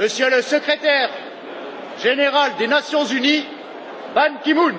Monsieur le secrétaire général des Nations Unies, Ban Ki-moon.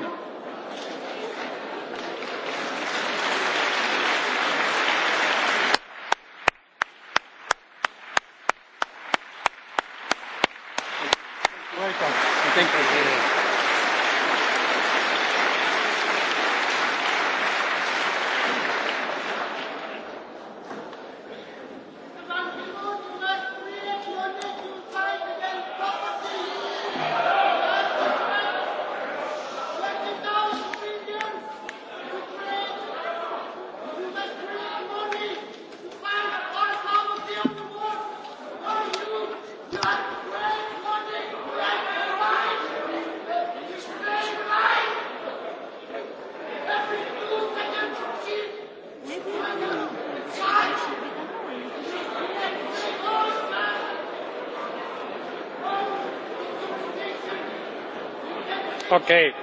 okay.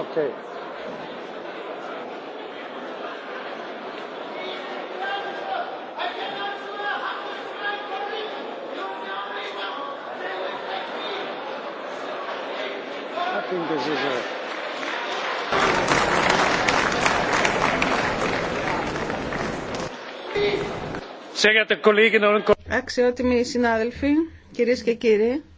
Okay. Αξιότιμοι συνάδελφοι, κυρίες και κύριοι,